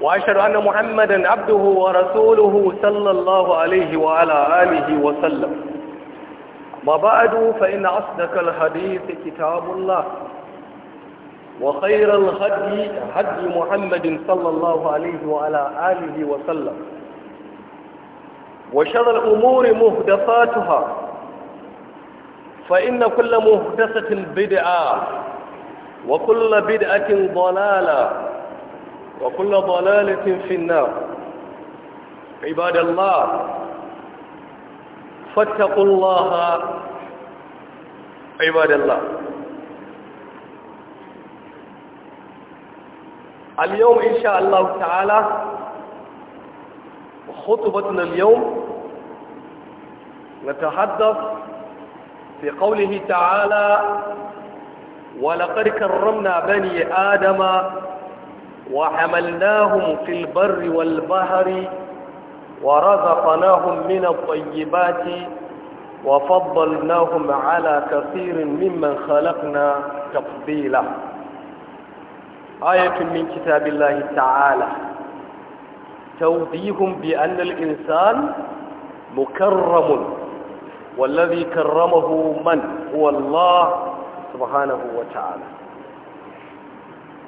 وأشهد أن محمدا عبده ورسوله صلى الله عليه وعلى آله وسلم ما بعد فإن أصدق الحديث كتاب الله وخير الهدي هدي محمد صلى الله عليه وعلى آله وسلم وشر الأمور مهدفاتها فإن كل مهدفة بدعة وكل بدعة ضلالة وكل ضلالة في النار عباد الله فاتقوا الله عباد الله اليوم إن شاء الله تعالى خطبتنا اليوم نتحدث في قوله تعالى ولقد كرمنا بني آدم وحملناهم في البر والبحر ورزقناهم من الطيبات وفضلناهم على كثير ممن خلقنا تفضيلا آية من كتاب الله تعالى توضيح بأن الإنسان مكرم والذي كرمه من هو الله سبحانه وتعالى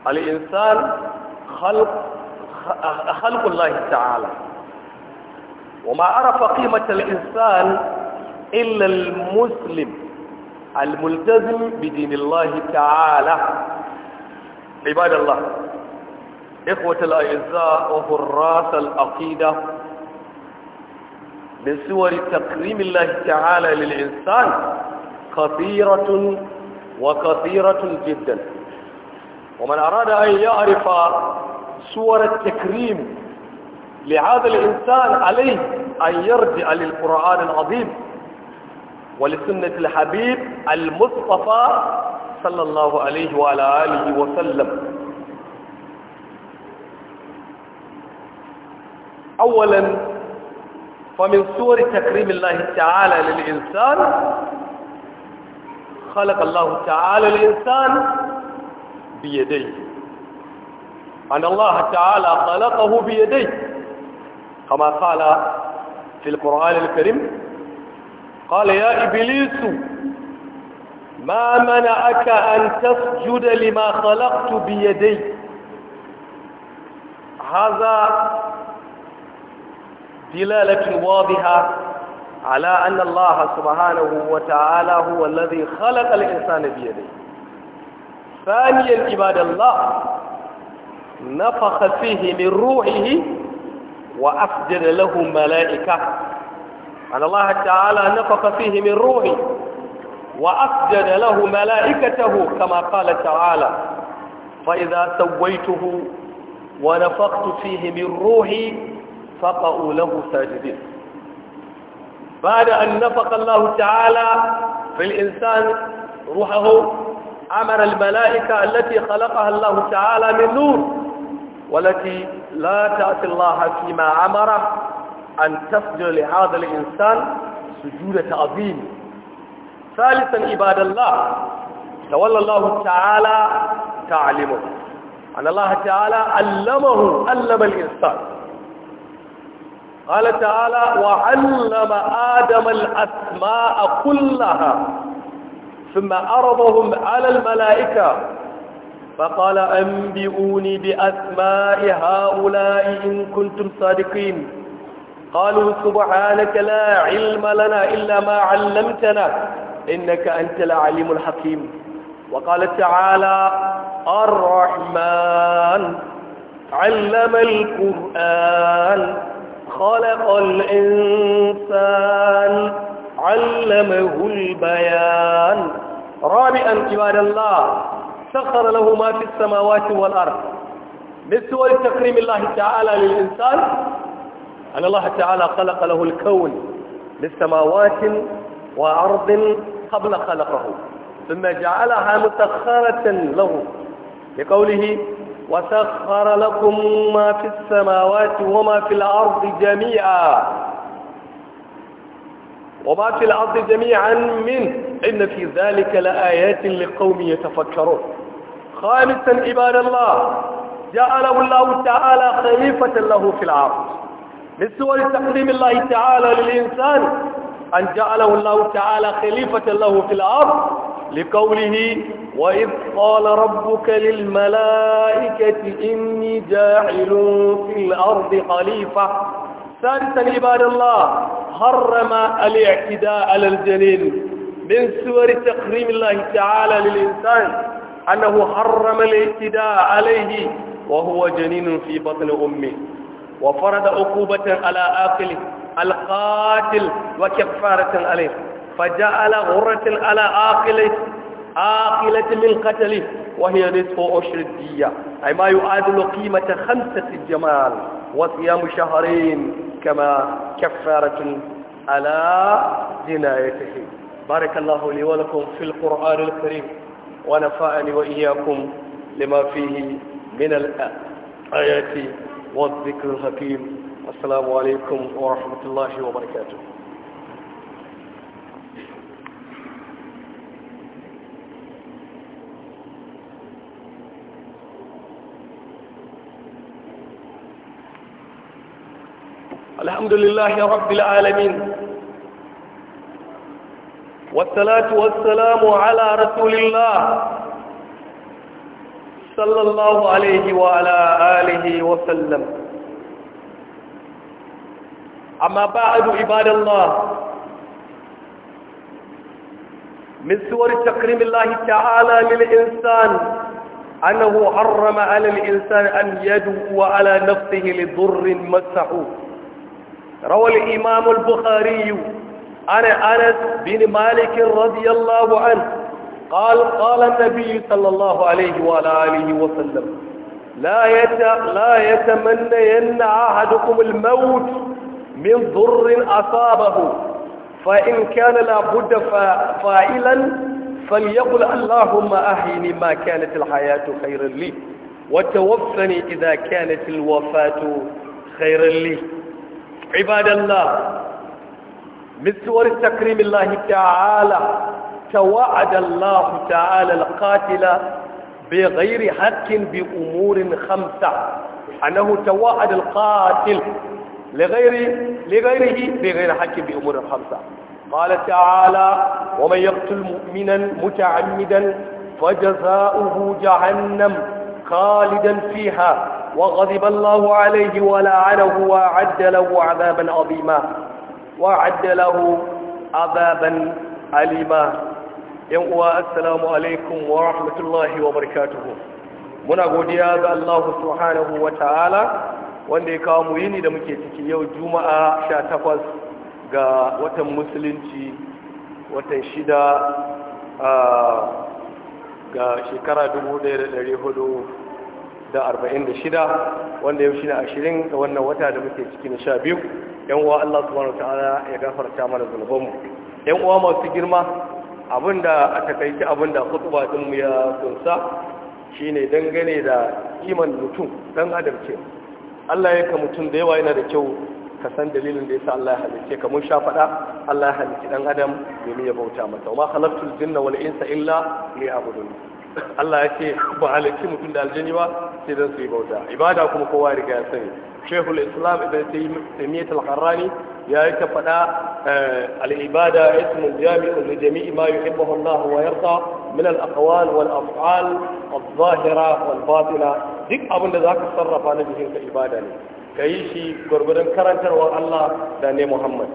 الإنسان خلق خلق الله تعالى وما عرف قيمة الإنسان إلا المسلم الملتزم بدين الله تعالى عباد الله إخوة الأعزاء وفراس العقيدة من صور تكريم الله تعالى للإنسان كثيرة وكثيرة جدا ومن أراد أن يعرف صور التكريم لهذا الإنسان عليه أن يرجع للقرآن العظيم ولسنة الحبيب المصطفى صلى الله عليه وعلى آله وسلم أولا فمن صور تكريم الله تعالى للإنسان خلق الله تعالى الإنسان بيديه أن الله تعالى خلقه بيديه كما قال في القرآن الكريم قال يا إبليس ما منعك أن تسجد لما خلقت بيدي هذا دلالة واضحة على أن الله سبحانه وتعالى هو الذي خلق الإنسان بيدي ثانيا عباد الله نفخ فيه من روحه وأسجد له ملائكة أن الله تعالى نفخ فيه من روحه وأسجد له ملائكته كما قال تعالى فإذا سويته ونفخت فيه من روحي فقعوا له ساجدين بعد أن نفق الله تعالى في الإنسان روحه أمر الملائكة التي خلقها الله تعالى من نور والتي لا تأتي الله فيما أمره أن تسجد لهذا الإنسان سجود تعظيم ثالثا عباد الله تولى الله تعالى تعلمه أن الله تعالى علمه علم الإنسان قال تعالى وعلم آدم الأسماء كلها ثم عرضهم على الملائكة فقال أنبئوني بأسماء هؤلاء إن كنتم صادقين قالوا سبحانك لا علم لنا إلا ما علمتنا إنك أنت العليم الحكيم وقال تعالى الرحمن علم القرآن خلق الإنسان علمه البيان رابعا عباد الله سخر له ما في السماوات والأرض من سوى تكريم الله تعالى للإنسان أن الله تعالى خلق له الكون للسماوات وأرض قبل خلقه ثم جعلها مسخرة له لقوله وسخر لكم ما في السماوات وما في الأرض جميعا وما في الأرض جميعا منه إن في ذلك لآيات لقوم يتفكرون خامسا عباد الله جعله الله تعالى خليفة له في العرض من سور تقديم الله تعالى للإنسان أن جعله الله تعالى خليفة له في الأرض لقوله وإذ قال ربك للملائكة إني جاعل في الأرض خليفة ثالثا عباد الله حرم الاعتداء على الجنين من سور تقريم الله تعالى للإنسان أنه حرم الاعتداء عليه وهو جنين في بطن أمه وفرض عقوبة على آكله القاتل وكفارة عليه فجعل غرة على آكله آكلة من قتله وهي نصف عشر الدية أي ما يعادل قيمة خمسة الجمال وصيام شهرين كما كفارة على جنايته بارك الله لي ولكم في القرآن الكريم ونفعني وإياكم لما فيه من الآيات والذكر الحكيم السلام عليكم ورحمة الله وبركاته الحمد لله رب العالمين والصلاة والسلام على رسول الله صلى الله عليه وعلى آله وسلم أما بعد عباد الله من صور تكريم الله تعالى للإنسان أنه حرم على الإنسان أن يدعو على نفسه لضر مسحه روى الإمام البخاري عن أنس بن مالك رضي الله عنه قال قال النبي صلى الله عليه وعلى آله وسلم لا يت لا يتمنين أحدكم الموت من ضر أصابه فإن كان لابد فاعلا فليقل اللهم أحيني ما كانت الحياة خيرا لي وتوفني إذا كانت الوفاة خيرا لي عباد الله من سور تكريم الله تعالى توعد الله تعالى القاتل بغير حق بأمور خمسة أنه توعد القاتل لغير لغيره بغير حق بأمور خمسة قال تعالى ومن يقتل مؤمنا متعمدا فجزاؤه جهنم خالدا فيها وغضب الله عليه ولعنه وأعد له عذابا عظيما وأعد Alima, عذابا uwa ينقوى alaikum wa rahmatullahi wa وبركاته muna godiya ga Allah subhanahu wa ta'ala wanda ya kawo mu yini da muke ciki yau juma'a 18 ga watan musulunci watan shida ga shekara hudu. da arba'in da shida wanda yau shi na ashirin ga wannan wata da muke cikin sha biyu yan uwa Allah subhanahu wa ta'ala ya gafarta mana zunubanmu yan uwa masu girma abinda a takaice abinda khutba din mu ya kunsa shine dangane da iman mutum dan adam ce Allah ya ka mutum da yawa yana da kyau ka san dalilin da ya sa Allah ya halice ka mun sha faɗa Allah ya halice dan adam domin ya bauta masa wa khalaqtul jinna wal insa illa liya'budun Allah ya ce ba halarci mutum da aljani ba sai don su yi bauta ibada kuma kowa riga ya sani shehul islam ibn taimiyyat al-harrani ya yi ta faɗa eh, al-ibada ismul jami'u li jami'i ma yuhibbuhu Allah wa yarda min al wal af'al al dhahira wal duk abin da zaka sarrafa na jikin ka ibada ne kayi shi gwargwadon karantarwar Allah da ne Muhammad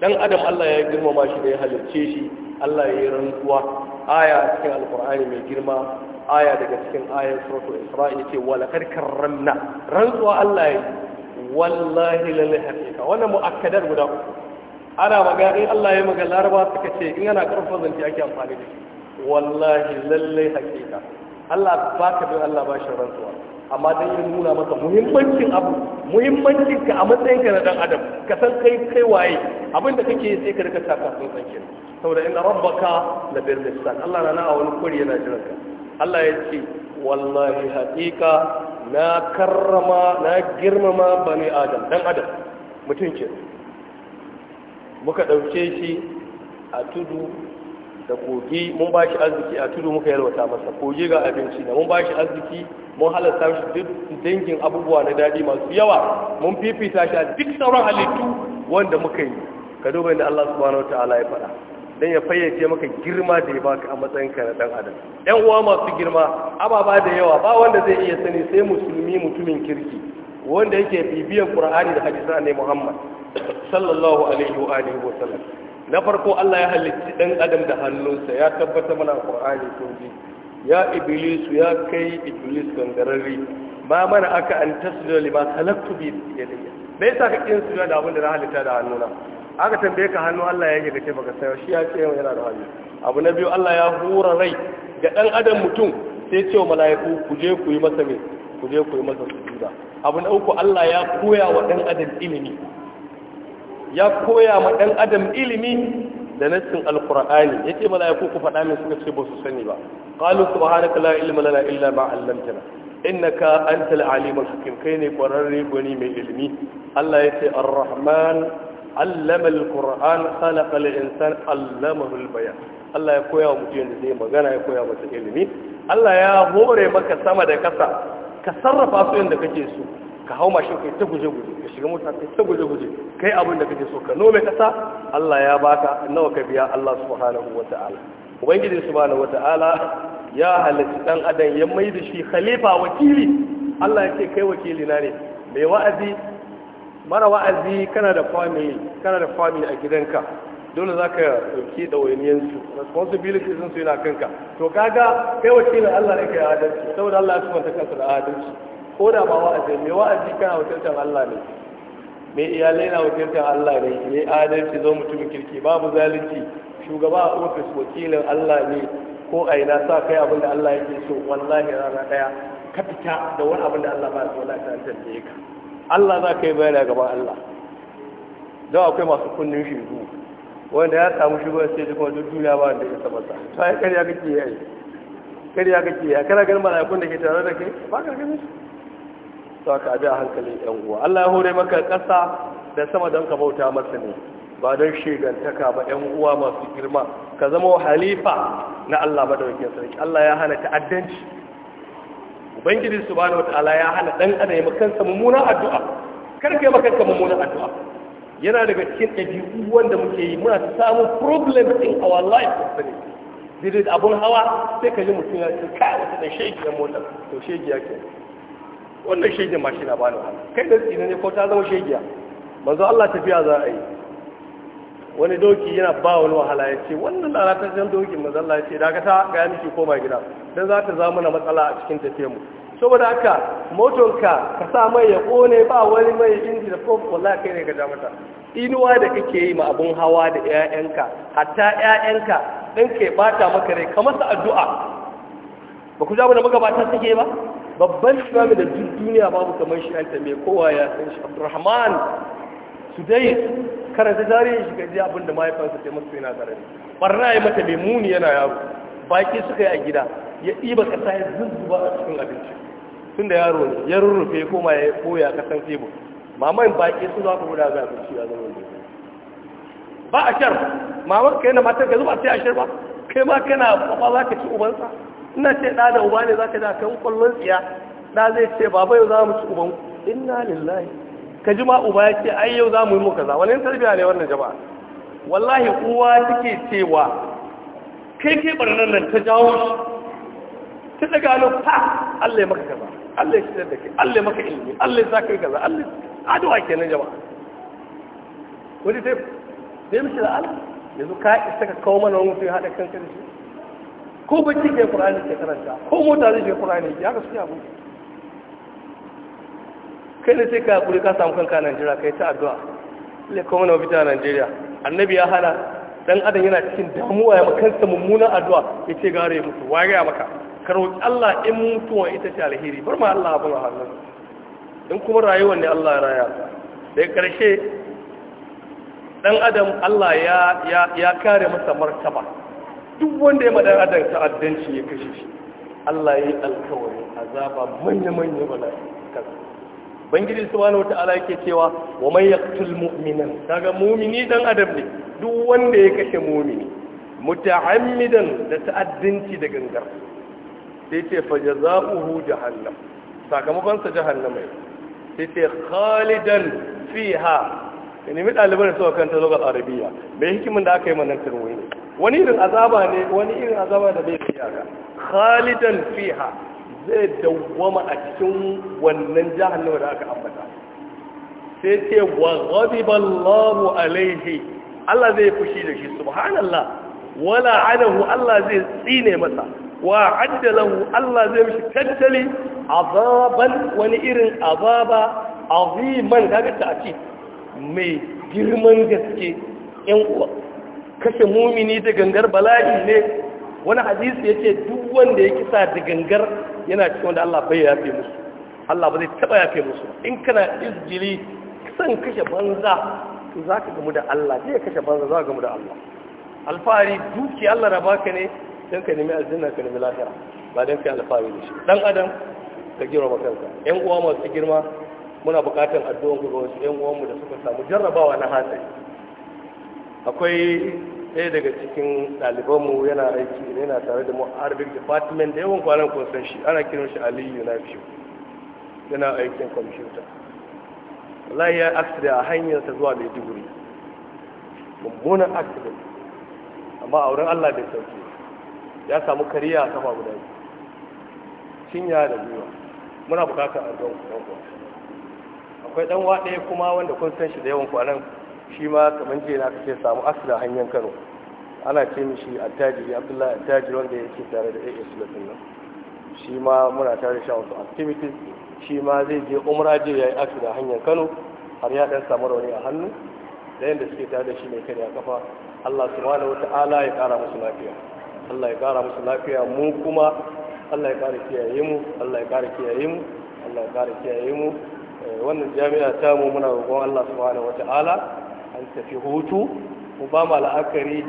dan adam Allah ya girmama shi da ya halarce shi Allah ya yi rantsuwa aya a cikin alkur'ani mai girma aya daga cikin ayar suratul isra yace wala kad karramna rantsuwa Allah ya wallahi lalle hakika wannan muakkadat guda ana magana in Allah ya maga laraba suka ce in yana karfin zanci ake amfani da shi wallahi lalle hakika Allah baka bin Allah ba shi rantsuwa amma dan yin nuna masa muhimmancin abu muhimmancin ka a matsayin ka na dan adam ka san kai kai waye abin da kake sai ka rika taka sun san kin saboda inna rabbaka la bil misal Allah na na a wani kuri yana jiran ka Allah ya ce wallahi haqiqa na karrama na girmama bani adam dan adam mutum ke muka dauke shi a tudu da kogi mun ba shi arziki a tudu muka yalwata masa kogi ga abinci da mun ba shi arziki mun halatta shi duk dangin abubuwa na daɗi masu yawa mun fifita shi a duk sauran halittu wanda muka yi ka duba inda Allah subhanahu ta'ala ya faɗa dan ya fayyace maka girma da ya baka a matsayin ka na dan adam ɗan uwa masu girma ababa da yawa ba wanda zai iya sani sai musulmi mutumin kirki wanda yake bibiyan qur'ani da hadisan ne muhammad sallallahu alaihi wa alihi wa sallam na farko Allah ya halicci dan adam da hannunsa ya tabbata mana qur'ani kun ji ya iblis ya kai iblis gangararri ba mana aka an tasjuda lima khalaqtu bi yadayya me yasa ka kin sujuda da abin da na halitta da hannuna aka tambaye ka hannu Allah ya yi ka ce baka sayo shi ya ce yana da hannu abu na biyu Allah ya hura rai ga dan adam mutum sai ce wa mala'iku ku je ku yi masa me ku je ku yi masa sujuda abu na uku Allah ya koya wa ɗan adam ilimi ya koya ma ɗan adam ilimi da nassin ce mala ya ku faɗa min suka ce ba su sani ba hana subhanaka la ilima lana illa ma 'allamtana an tala alimul hakim kai ne ƙwararre gwani mai ilimi Allah ce al rahman 'allama al-qur'an khalaqa al-insan 'allamahu bayan Allah ya koya wa mutum da zai magana ya koya masa ilimi Allah ya hore maka sama da kasa ka sarrafa su yadda kake so ka hau mashin kai ta guje-guje ka shiga mota kai ta guje-guje kai abin da kake so ka nome kasa Allah ya baka nawa ka biya Allah subhanahu wata'ala ubangiji subhanahu wata'ala ya halitta dan adam ya mai da shi khalifa wakili Allah ya ce kai wakili na ne mai wa'azi mara wa'azi kana da family kana da family a gidanka dole za ka da ɗawainiyansu responsibility sun suna kanka to kaga kai wakilin Allah ne kai adalci saboda Allah ya sumanta kansa da adalci ko da ba wa'azi mai wa'azi kana wakiltar Allah ne mai iyalai na wakiltar Allah ne me adalci zo mutumin kirki babu zalunci shugaba a ofis wakilin Allah ne ko a ina sa kai abin da Allah yake so wallahi rana daya ka da wani abin da Allah ba so ta ka Allah za ka yi bayani gaban Allah don akwai masu kunnin zuwa. wanda ya samu shugaban sai duk duniya ba da ya saba sa to ai kariya kake yi kariya kake yi kana ganin mala'ikun da ke tare da kai ba ka ganin su to ka abi a hankali yan uwa Allah ya hore maka ƙasa da sama don ka bauta masa ne ba don shegantaka ba yan uwa masu girma ka zama halifa na Allah madaukakin sarki Allah ya hana ta'addanci ubangiji subhanahu wataala ya hana dan adam ya makansa mummunan addu'a kar ka yi makanka mummunan addu'a yana daga cikin ɗabi'u wanda muke yi muna samun problem in our life sani didid abun hawa sai ka ji mutum ya ce kai wata da shege yan mota to shegiya ke wannan shege ma shi na bani kai da tsina ne ko ta zama shegiya manzo Allah tafiya za a yi wani doki yana ba wani wahala ya ce wannan zan dokin manzo Allah ya ce dakata ga miki koma gida dan za ta zama matsala a cikin tafiyar mu saboda haka motonka ka sa mai ya kone ba wani mai inji da ko wallahi kai ne ka ja mata inuwa da kake yi ma abun hawa da ƴaƴanka hatta ƴaƴanka dan kai bata maka rai kamar sa addu'a ba ku ja mu da magabata suke ba babban imami da duk duniya babu kamar shi an tambaye kowa ya san shi Su dai karanta tarihin shi gaji abin da mahaifansa ta masu yana karami barna ya mata mai muni yana yaro baki suka yi a gida ya ɗiba ƙasa ya zuzzuba a cikin abinci tun da yaro ne ya rurrufe koma ya koya kasan tebur maman baƙi su za ku guda za ku ci a zaman da ba a shar maman kai na matar ka zuba sai a shar ba kai ma kana kwakwa za ka ci ubansa ina ce ɗa da uba ne za ka ja kan kwallon tsiya ɗa zai ce baba yau za mu ci uban inna lillahi ka ji ma uba ya ce ai yau za mu yi mu kaza wani tarbiya ne wannan jama'a wallahi uwa take cewa kai kai barnan nan ta jawo shi ta daga nan fa Allah ya maka kaza Allah ya fitar da ke Allah ya maka ilimi Allah ya sa kai gaza Allah adawa kenan jama'a wani sai sai mu da Allah yanzu ka isa ka kawo mana wani mutum ya haɗa kanka shi ko bacci ke Qur'ani ke karanta ko mota zai ke Qur'ani ya ga suke abu kai ne sai ka kuri ka samu kanka a Najeriya kai ta addu'a Allah ya kawo mana mafita a Najeriya annabi ya hana dan adam yana cikin damuwa ya makansa mummunan addu'a ya ce gare mutu waye ya maka ka Allah in mutuwa ita ce alheri bar ma Allah abin a hannun in kuma rayuwar ne Allah raya daga ƙarshe ɗan adam Allah ya kare masa martaba duk wanda ya madan adam ta'addanci ya kashe shi Allah ya yi alkawari azaba manya-manya bala bangiji subhanahu wata'ala yake cewa wa man yaqtul mu'mina daga mu'mini dan adam ne duk wanda ya kashe mu'mini muta'ammidan da ta'addanci da gangar sai ce fa jazaohu jahannam sakamakon sa jahannama sai ce khalidan fiha ne mi daliban su kan ta lugar arabiya bai hikimin da aka yi manan turmi ne wani irin azaba ne wani irin azaba da bai iyaka khalidan fiha zai dawwama a cikin wannan jahannama da aka ambata sai ce wa ghadiba Allahu alaihi Allah zai fushi da shi subhanallah wala anahu Allah zai tsine masa wa addalahu Allah zai mishi tattali azaban wani irin azaba aziman daga ta ce mai girman gaske yan uwa kashe mumini da gangar bala'i ne wani hadisi yake duk wanda ya kisa da gangar yana cikin wanda Allah bai yafe musu Allah ba zai taba yafe musu in kana izjili san kashe banza to zaka gamu da Allah zai kashe banza zaka gamu da Allah alfari duki Allah na baka ne don ka nemi aljanna ka nemi lahira ba dan ka yi alfahari da shi dan adam ka ba kanka yan uwa masu girma muna bukatar addu'an ku ga wasu yan uwanmu da suka samu jarrabawa na hatsari akwai ɗaya daga cikin ɗalibanmu yana aiki yana tare da mu arabic department da yawan kwanan kun san shi ana kiran shi aliyu na yana aikin kwamfuta wallahi ya aksida a hanyar ta zuwa maiduguri mummunan aksida. amma a wurin allah bai sauki ya samu kariya a kafa guda biyu cinya da gwiwa muna bukata a don kuwa akwai dan wa ɗaya kuma wanda kun san shi da yawan kwanan shi ma kamar jiya na kake samu asila hanyar kano ana ce mishi attajiri abdullahi attajiri wanda yake tare da AA sulatin nan shi ma muna tare da a wasu activities shi ma zai je umra je yi asila hanyar kano har ya dan samu rauni a hannu da yadda suke tare da shi mai kare a kafa Allah subhanahu ala ya kara musu lafiya Allah ya kara musu lafiya mu kuma Allah ya kara kiyaye mu Allah ya kara kiyaye mu Allah ya kara kiyaye mu eh, wannan jami'a ta mu muna roƙon Allah subhanahu wata'ala an tafi hutu mu ba mu la'akari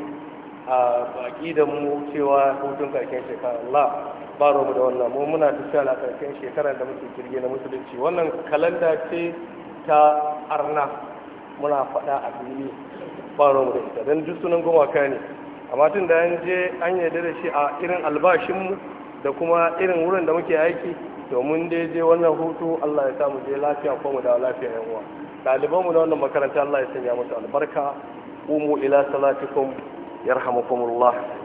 a da mu cewa hutun karshen shekara Allah ba mu da wannan mu muna tafiya a karshen shekara da muke kirge na musulunci wannan kalanda ce ta arna muna faɗa a duniya ba mu da ita don duk sunan gumaka ne amma tun da an je an yarda da shi a irin albashinmu da kuma irin wurin da muke aiki domin dai je wannan hutu Allah ya samu je lafiya ko mu dawo lafiya yan uwa ɗalibanmu na wannan makaranta Allah ya sanya musu albarka umu ila salatikum yarhamukumullah